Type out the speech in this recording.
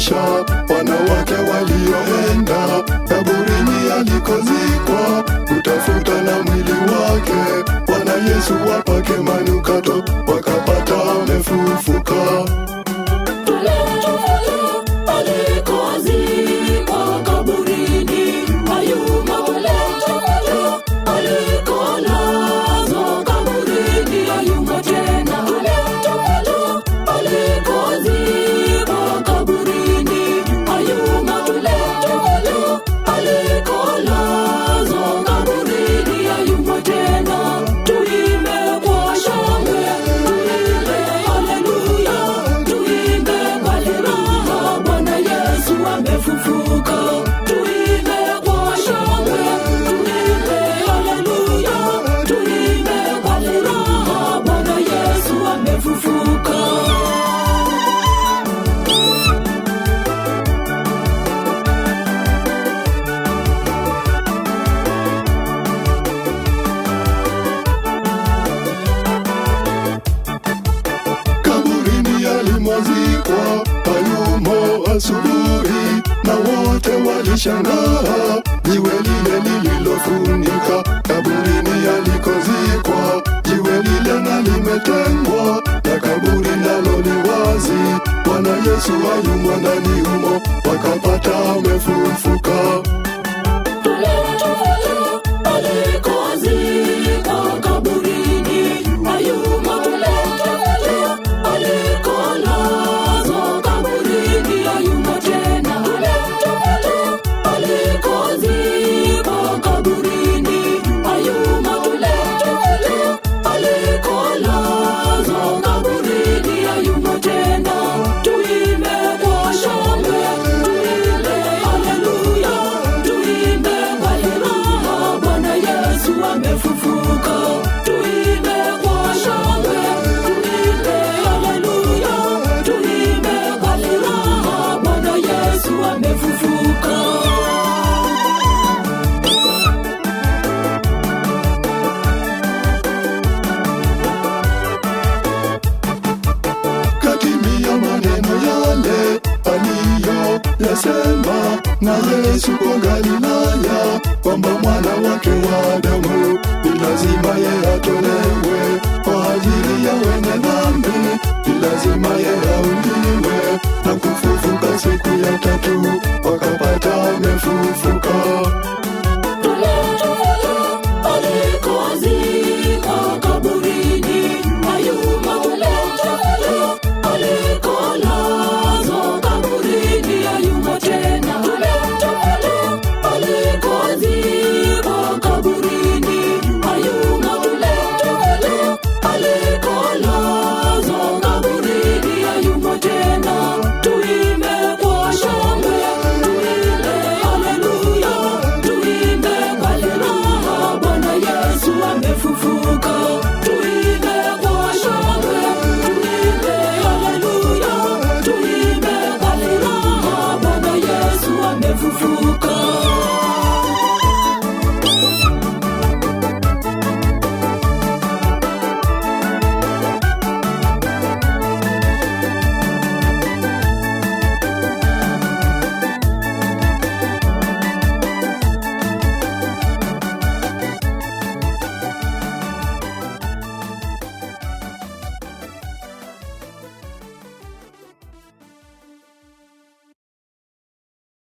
maisha, wanawake walioenda kaburini aliko kaburini Asubuhi na wote walishangaa, jiwe lile lililofunika kaburini yalikozikwa, jiwe lile na limetengwa nalo ni wazi, Bwana Yesu ayumwa ndani humo, wakapata amefufuka. na Yesu ko Galilaya, kwamba mwana wake wa damu ni lazima ye atolewe kwa ajili ya wenye dhambi, ni lazima ye auliwe na kufufuka siku ya tatu, wakapata amefufuka. Ooh.